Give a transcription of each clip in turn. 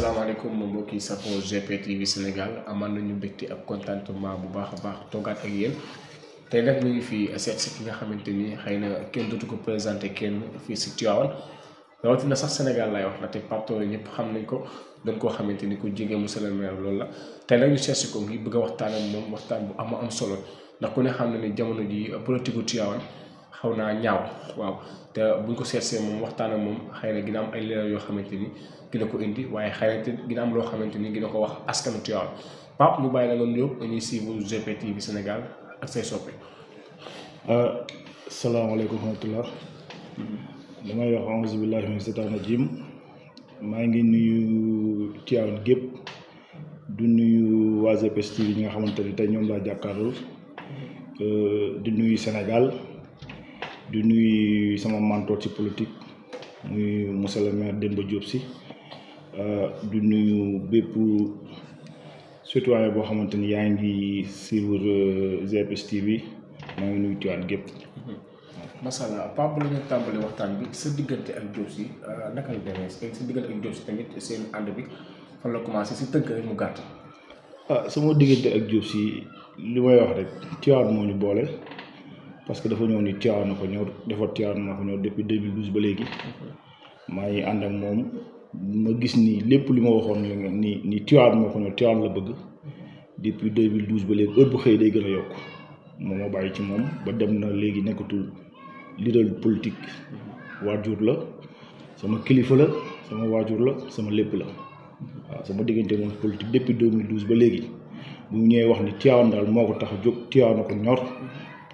asalaamaaleykum mbokki safo GP TV Sénégal amal nañu mbégte ak contentement bu baax a baax toogaat ak yéen tey nag ñu ngi fi seet si ki nga xamante ni xëy na kenn dootu ko présenté kenn fii si Tivaouane rawatina sax Sénégal lay wax na te Pape ñëpp xam nañ ko doon koo xamante ni ku jege mu le maire loolu la te nag ñu seet si ko ngi bëgg a waxtaan moom waxtaan bu amu am solo ndax ku ne xam na ni jamono ji politique gu xaw naa ñaaw waaw te buñ ko seetsee moom waxtaan ak moom xay na gina am ay leeral yoo xamante ni gina ko indi waaye xëy na gina am loo xamante ni gina ko wax askanu Tivaouane Pape lu bàyyi la nga nuyoo dañuy suivre GP TV Sénégal ak say soppe. Ah, salaamaaleykum wa rahmatulah. damay wax auzu billaahi maa ngi nuyu Tivaouane gépp du nuyu waa GPS TV ñi nga xamante ne tey ñoom laa jàkkaarloo ah, di nuyu senegal di nuyu sama mentor ci politique muy monsieur le maire Demba Diop si euh, du nuyu bépp citoyen boo xamante ni yaa ngi suivre euh, GFS TV maa ngi nuyu Tivaouane gépp mm-hmm. macha allah Pape la ñu tàmbali waxtaan bi sa diggante ak Diop si euh, naka la demee sa diggante ak Diop si tamit seen ànd bi fan la commencé si tënk rek mu gàtt. Ah, sama diggante ak Diop si li may wax rek Tivaouane moo ñu boole. parce que dafa ñëw ni Tivaouane na ko ñëw dafa Tivaouane na ko ñëw depuis 2012 ba léegi maa ngi ànd ak moom ma gis nii lépp li ma waxoon nii ni Tivaouane moo ko ñëw Tivaouane la bëgg depuis 2012 ba léegi heure bu xëy day gën a yokk moom moo ci moom ba dem na léegi nekkatul leader politique waajur la sama kilifa la sama waajur la sama lépp la waaw sama diggante moom politique depuis 2012 ba léegi bu ñëwee wax ni Tivaouane daal moo ko tax a jóg Tivaouane na ko ñor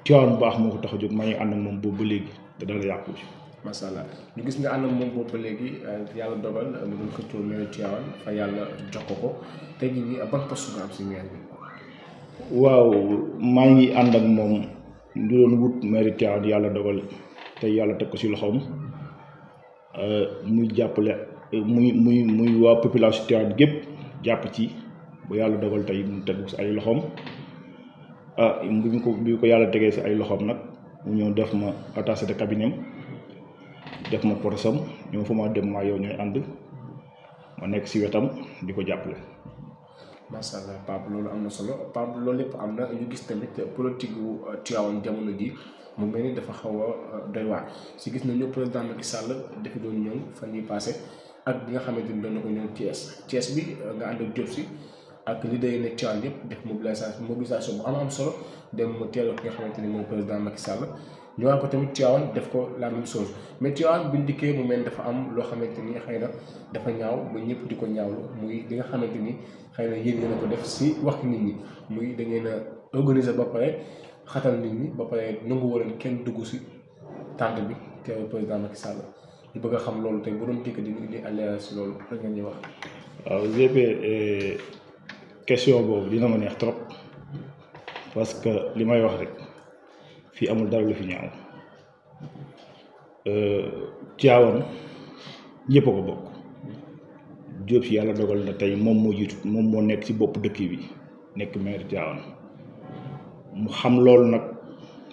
Tiwaawan baax moo ko tax a jóg maa ngi ànd ak moom boobu ba léegi te dara yàqu ci. macha allah gis nga ànd ak moom boobu ba léegi euh, yàlla dogal mu doon xëccoo maire Tiwaawan jox ko ko tey jii nii si maire maa ngi ànd moom du doon yàlla dogal te yàlla teg ko ci loxoom euh, muy jàppale muy muy muy waaw population Tiwaawan gépp jàpp ci ba yàlla dogal tey mu tegu si ay loxoom. ah bu ñu ko bi ko yàlla tegee si ay loxoom nag ñëw def ma attaché de cabinet def ma porosam ñoo fa ma dem maa yow ñooy ànd ma nekk si wetam di ko jàppale. macha allah Pape am na solo Pape loolu lépp am na ñu gis tamit politique gu euh, Tivaouane jamono ji mu mel dafa xaw a euh, doy waar si gis nañu président Macky Sall dafa doon ñëw fan yii passé ak bi nga xamante ni doon na ko ñëw Thiès Thiès bi euh, nga ànd ak Diop si. ak leader yi nekk Tivaouane yëpp def mobilisation mobilisation bu am am solo dem mu teeloo ki nga xamante ni moom président Macky Sall ñu waan ko tamit Tivaouane def ko la même chose mais Tivaouane buñ dikkee mu mel dafa am loo xamante ni xëy na dafa ñaaw ba ñëpp di ko ñaawlu muy li nga xamante ni xëy na yéen ngeen ko def si wax nit ñi muy da ngeen a organiser ba pare xatal nit ñi ba pare nangu waleen kenn dugg si tànt bi teewal président Macky Sall ñu bëgg a xam loolu tey bu doon dikk di indi alléeral si loolu rek nga ñuy wax. waaw question boobu dina ma neex trop parce que li may wax rek fii amul dara lu fi ñaaw euh, Tivaouane ñëpp a ko bokk Diop si yàlla dogal na tey moom moo jiitu moom moo nekk ci boppu dëkk bi nekk maire Tivaouane mu xam loolu nag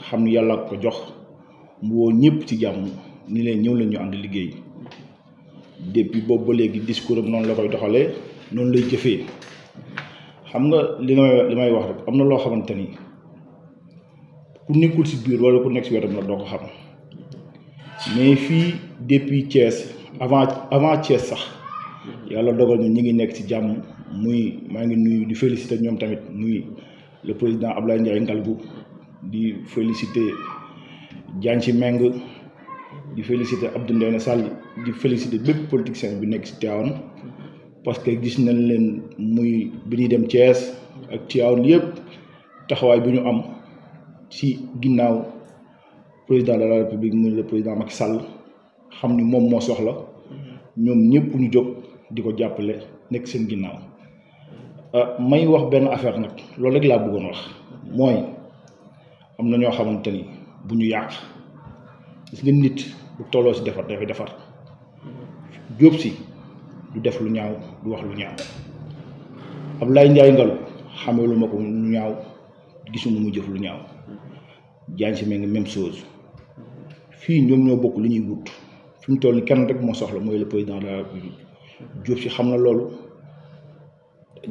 xam yàlla ko jox mu woo ñëpp ci jàmm ni leen ñëw leen ñu ànd liggéey depuis boobu ba léegi discours am noonu la koy doxalee noonu lay jëfee. xam nga li may li may wax rek am na loo xamante ni ku nekkul si biir wala ku nekk si wetam la doo ko xam mais fii depuis Thiès avant avant Thiès sax yàlla dogal ñu ngi nekk si jàmm muy maa ngi nuyu di féliciter ñoom tamit muy le président Abdoulaye Ndiaye Ngalgou di féliciter Diagne ci Meng di féliciter Abdou Ndéné Sall di féliciter bépp politicien bi nekk ci Tivaouane parce que gis nañ leen muy bi ñuy dem Thiès ak Tivaouane yëpp taxawaay bu ñu am ci ginnaaw président de la république muy le président Macky Sall xam ni moom moo soxla ñoom ñëpp ñu jóg di ko jàppale nekk seen ginnaaw ah, may wax benn affaire nag loolu rek laa bëggoon wax mooy am na ñoo xamante ni bu ñu yàq gis nga nit bu tolloo si defar dafay defar jóob si du def lu ñaaw du wax lu ñaaw Ablaye Ndiaye Ngalu xameelu ma ko lu ñaaw gisuma mu jëf lu ñaaw jaan si mee même chose fii ñoom ñoo bokk ñuy wut fi mu toll kenn rek moo soxla mooy le président de si xam na loolu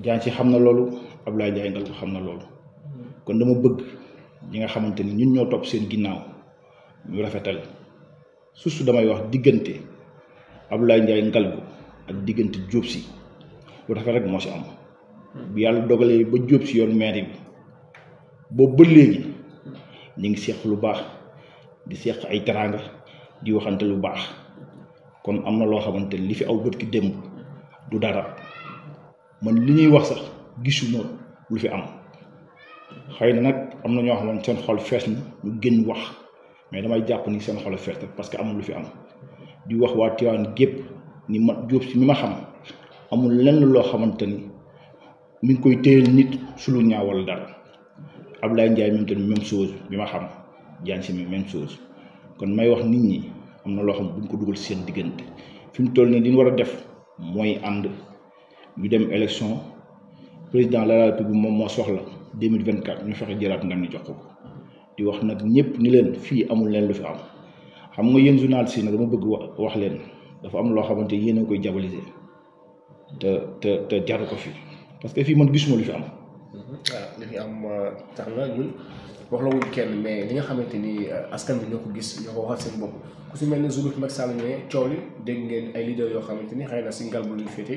jaan ci xam na loolu Ablaye Ndiaye Ngalu xam na loolu kon dama bëgg ñi nga xamante ni ñun ñoo topp seen ginnaaw ñu rafetal suuf damay wax diggante ab Ablaye Ndiaye Ngalgou ak diggante jóob si lu rafet rek moo si am bi yàlla dogalee ba jóob si yoon mairie bi boobu ba léegi ñu ngi seq lu baax di seq ay teraanga di waxante lu baax kon am na loo xamante li fi aw bët ki démb du dara man li ñuy wax sax gisuma lu fi am xëy na nag am na ñoo xamante seen xol fees na ñu génn wax mais damay jàpp ni seen xol fees na parce que amul lu fi am di wax waa Tivaouane gépp ni ma Jóob si mi ma xam amul lenn loo xamante ni mi ngi koy téyel nit su lu ñaawal dara Ablaye Ndiaye moom tamit même chose bi ma xam jaan si mi même chose kon may wax nit ñi am na loo xam buñ ko dugal seen diggante fi mu toll nii li ñu war a def mooy ànd ñu dem élection président de la moom moo soxla 2024 ñu fexe jëlaat ndam ni jox ko di wax nag ñëpp ni leen fii amul leen lu fi am xam nga yéen journaliste si nag dama bëgg wax leen dafa am loo xamante yéen a koy diaboliser te te te jaru ko fi parce que fii man gisuma lu fi am. waaw li fi am euh, tax na ñun wax la wuñ kenn mais li nga xamante ni euh, askan bi ñoo ko gis ñoo ko waxal seen bopp ku si mel ne Zoulou Macky Sall ne coow li dégg ngeen ay leader yoo xamante ni xëy na si ngal bu luñ féete.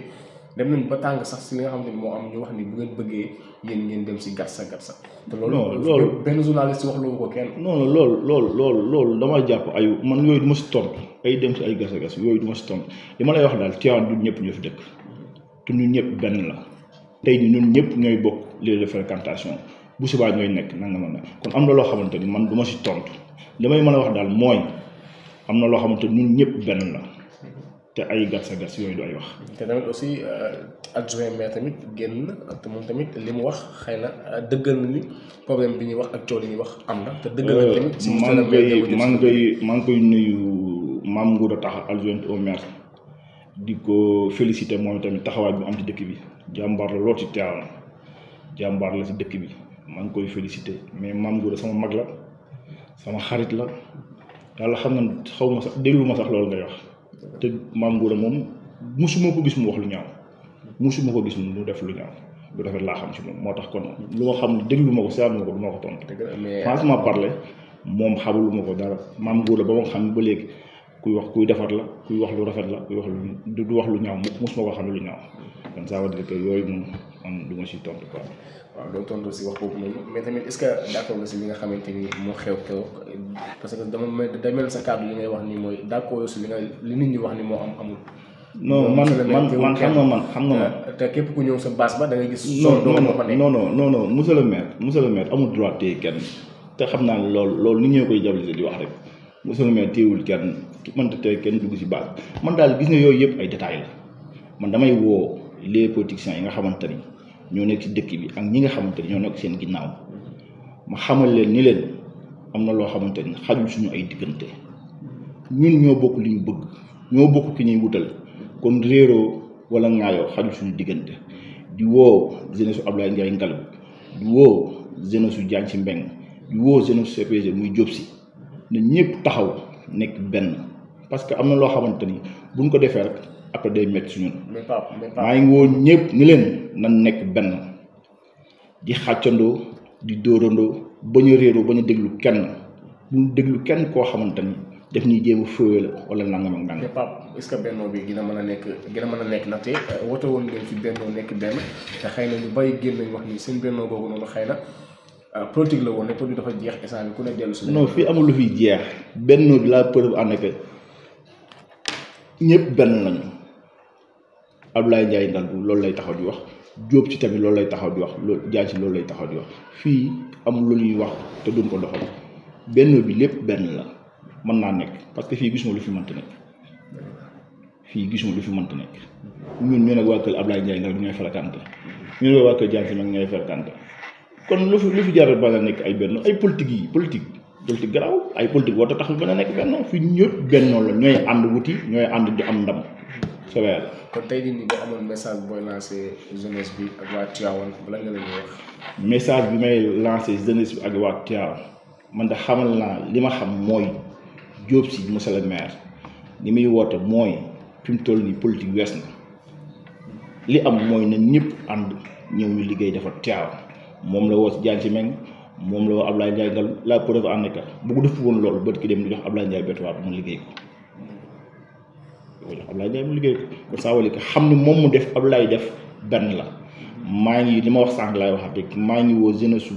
dem nañ ba tàng sax si li nga xam ne moo am ñu wax ni bu ngeen bëggee yéen ngeen dem si gatsa gatsa. te loolu loolu benn journaliste wax lu ko kenn. non non loolu loolu loolu loolu jàpp ay man yooyu du si tontu ay dem si ay gatsa gas yooyu du ma si tontu li ma lay wax daal Tivaouane du ñëpp ñoo fi dëkk te ñun ñëpp benn la tey ñun ñëpp ñooy bokk les fréquentation bu subaa ñooy nekk nanga ma kon am na loo xamante ni man du ma si tontu li may mën a wax daal mooy am na loo xamante ni ñun ñëpp benn la. te ay gatsa gats yooyu du ay wax. te tamit aussi euh, adjoint maire tamit génn te moom tamit li mu wax xëy na euh, dëggal na problème bi ñuy wax ak coow li ñuy wax am na. te dëggal na tamit si euh, maa maa ngi koy maa ngi koy nuyu Mame Ngouda Taxa di ko féliciter moom tamit taxawaay bi am ci dëkk bi jàmbaar la lool ci teewam jàmbaar la ci dëkk bi maa ngi koy féliciter mais Mame Ngouda sama mag la sama xarit la yàlla xam na xaw ma sax déglu ma sax loolu ngay wax. te maam Ngouda moom musuma ko gis mu wax lu ñaaw musuma ko gis mu def lu ñaaw lu rafet laa xam ci moom moo tax kon lu ma xam ne déglu ma ko seetlu ma ko du ma ko tontu franchement parle moom xamuluma ko dara maam Ngouda ba ma xam ba léegi kuy wax kuy defar la kuy wax lu rafet la kuy wax lu du wax lu ñaaw mukk mosuma lu ñaaw kon ça veut dire si tontu quoi. waaw doo tontu si wax boobu mais tamit est-ce nga si li nga moo xew xew parce que dama mel day sa kàddu li ngay wax nii mooy d'accord li nga li nit ñi wax ni moo am amul. non man man man xam nga man xam nga man. te ku ñëw sa base ba da ngay gis. non non non non non monsieur le maire monsieur le maire amul droit téye kenn te xam naa lool loolu loolu nit ñoo koy jàppale di wax rek. monsieur le maire téewul kenn mënta tey kenn dugg si base man daal gis nga yooyu yëpp ay détails la man damay woo les politiciens yi nga xamante ni ñoo nekk si dëkk bi ak ñi nga xamante ni ñoo nekk seen ginnaaw ma xamal leen ni leen am na loo xamante ni xajul suñu ay diggante ñun ñoo bokk li ñu bëgg ñoo bokk ki ñuy wutal kon réeroo wala ŋaayoo xajul suñu diggante di woo jeunesse su Abdoulaye Ndiaye Ngalgou di woo jeunesse su Diagne Sy Mbengue di woo jeunesse su muy Diop Sy na ñëpp taxaw nekk benn parce que am na loo xamante ni buñ ko defee rek après day métti si ñun. maa ngi woo ñëpp ni leen nan nekk benn di xàccandoo di dóorandoo bañ ñu réeroo ba ñu déglu kenn buñ déglu kenn koo xamante ni def ñuy jéem a fëyee la wala nangam ak nangam. mais Pape est ce mën a nekk dina mën a nekk ndaxte euh, wote woon ngeen nekk benn xëy na ñu bàyyi génn nañ wax ni seen bennoo googu na. Euh, politique la woon ne politique dafa jeex instant ku dellu si. non fii amul lu fiy jeex benn bi laa preuve en effet ñëpp benn lañu Abdoulaye Ndiaye Ndandou loolu lay taxaw di wax Diop ci tamit loolu lay taxaw di wax loolu Dia ci loolu lay taxaw di wax fii amul lu ñuy wax te duñ ko doxal benn bi lépp benn la mën naa nekk parce que fii gisuma lu fi mënta nekk fii gisuma lu fi mënta nekk ñun ñu nag waa kër Abdoulaye Ndiaye Ndandou ñooy fréquenté ñu ne waa kër Dia ci nag ñooy fréquenté. kon lu fi lu fi jaral ba la nekk ay benn ay politique yi politique politique garaw ay politique warut a tax ñu mën a nekk benn fi ñëpp bennoo la ñooy ànd wuti ñooy ànd di am ndam. sa weer tey jii nii nga amoon booy lancé jeunesse bi ak waa Tivaouane bala nga message bi may ak waa man da xamal naa li ma xam mooy Diop Sy monsieur le maire li muy woote mooy fi mu toll nii politique wees na li am mooy ñëpp ànd ñëw ñu liggéey dafa Tivaouane. moom la woo si Diagne si Meng moom la woo Ablaye Ndiaye ngal la preuve en est que bu def woon loolu bët ki dem di jox Ablaye Ndiaye bétuwaat mu liggéey ko di ko jox Ablaye Ndiaye mu xam ne moom mu def Ablaye def benn la maa ngi li ma wax sànq laay waxaat rek maa ngi woo jeunesse su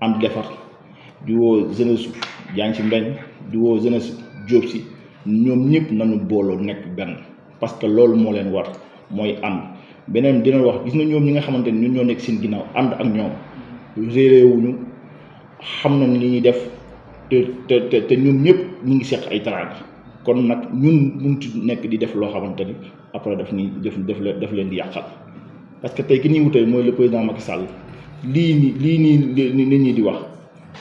am defar di woo genesu su ci si di woo jeunesse su Diop si ñoom ñëpp nañu booloo nekk benn parce que loolu moo leen war mooy am beneen dina wax gis na ñoom ñi nga xamante ni ñun ñoo nekk seen ginnaaw ànd ak ñoom wu ñu xam na ni li ñuy def te te te ñoom ñëpp ñu ngi seq ay taraanga kon nag ñun mun ci nekk di def loo xamante ni après daf ñuy def daf leen di yàqal parce que tey ki ñuy wutee mooy le président Macky Sall lii nii lii nii nit ñi di wax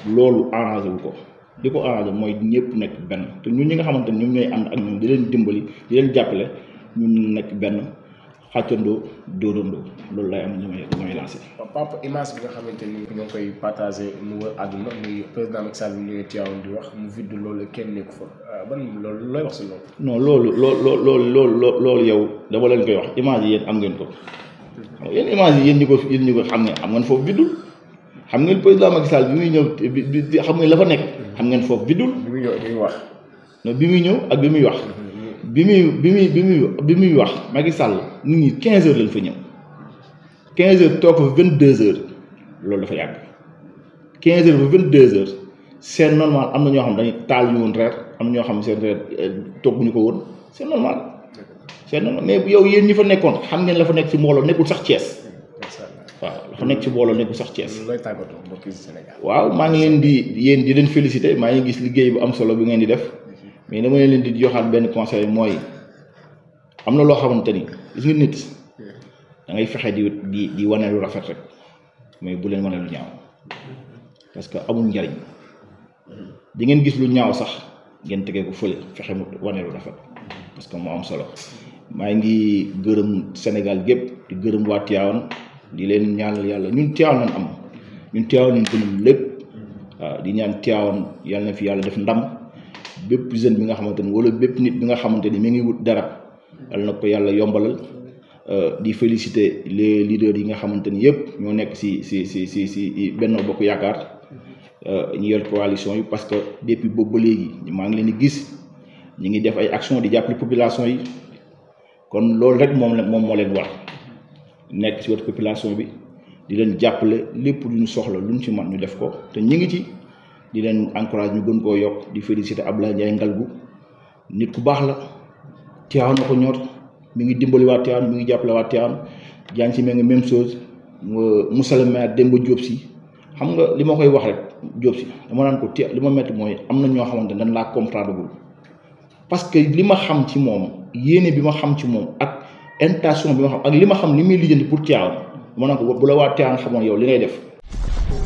loolu arrangé wu ko li ko arrangé mooy ñëpp nekk benn te ñun ñi nga xamante ni ñoom ñooy ànd ak ñoom di leen dimbali di leen jàppale ñun nekk benn. xàccandoo dóorandoo loolu lay am ñu may ñu may lancé. papa image bi nga xamante ni. nga koy partagé mu wër àdduna muy président Macky Sall ñu Tivaouane di wax mu vidde loolu kenn nekku fa euh, ban loolu looy wax si loolu. non loolu loolu loolu loolu loolu yow dama leen koy wax image yi yéen am ngeen ko yéen image yi yéen ñi ko yéen ñi xam ne am ngeen foofu viddul xam ngeen président Macky saal bi muy ñëw xam ngeen la fa nekk. xam ngeen foofu viddul. bi mu ñëw bi wax. non bi muy ñëw ak bi muy wax. Mm-hmm. bi muy bi muy bi muy bi muy wax Macky Sall nit ñi 15 heures lañ fa ñëw 15 heures toog fa 22 heures loolu dafa yàgg 15 heures ba 22 heures c'est normal am na ñoo xam dañuy taal ñu woon reer am ñoo xam seen reer euh, togguñu ko woon c'est normal. c'est normal yow yéen ñi fa nekkoon xam ngeen la fa nekk ci mbooloo nekkul sax Thiès. waaw la fa nekk ci mbooloo nekkul sax Thiès. looy tàggatoo mbokki Sénégal. waaw maa ngi leen di yéen di leen féliciter maa ngi gis liggéey bu am solo bi ngeen di def. mais dama leen di joxaat benn conseil mooy am na loo xamante ni gis nga nit da fexe di di di wane lu rafet rek mais bu leen wane lu ñaaw parce que amul njariñ di ngeen gis lu ñaaw sax ngeen tegee ko fële fexe mu wane lu rafet parce que moo am solo maa ngi gërëm Sénégal gépp di gërëm waa Tivaouane di leen ñaal yàlla ñun Tivaouane lañ am ñun Tivaouane lañ gënum lépp waaw di ñaan Tivaouane yàlla na fi yàlla def ndam. bépp jeune bi nga xamante ni wala bépp nit bi nga xamante ni mi ngi wut dara yal na ko yàlla yombalal euh, di féliciter les leaders yi nga xamante ni yëpp ñoo nekk si si si si benn Benno Bokk Yaakaar euh, ñu yor coalition yi parce que depuis boobu ba léegi maa ngi leen di gis ñu ngi def ay action di jàppale population yi kon loolu rek moom la moom moo leen war nekk si population bi di leen jàppale lépp lu ñu soxla lu ñu ci man ñu def ko te ñu ngi ci. di leen encourage ñu gën koo yokk di féliciter Abdoulaye Ndiaye gu nit ku baax la Tivaouane na ko ñor mi ngi dimbali waa Tivaouane mi ngi jàppale waa Tivaouane jaan ci mee nga même chose mu le maire Demba Diop si xam nga li ma koy wax rek Diop si dama naan ko li ma métti mooy am na ñoo xamante ne dañ laa comprendre gul parce que li ma xam ci moom yéene bi ma xam ci moom ak intention bi ma xam ak li ma xam li muy lijjanti pour Tivaouane dama naan ko bu la waa Tivaouane xamoon yow li ngay def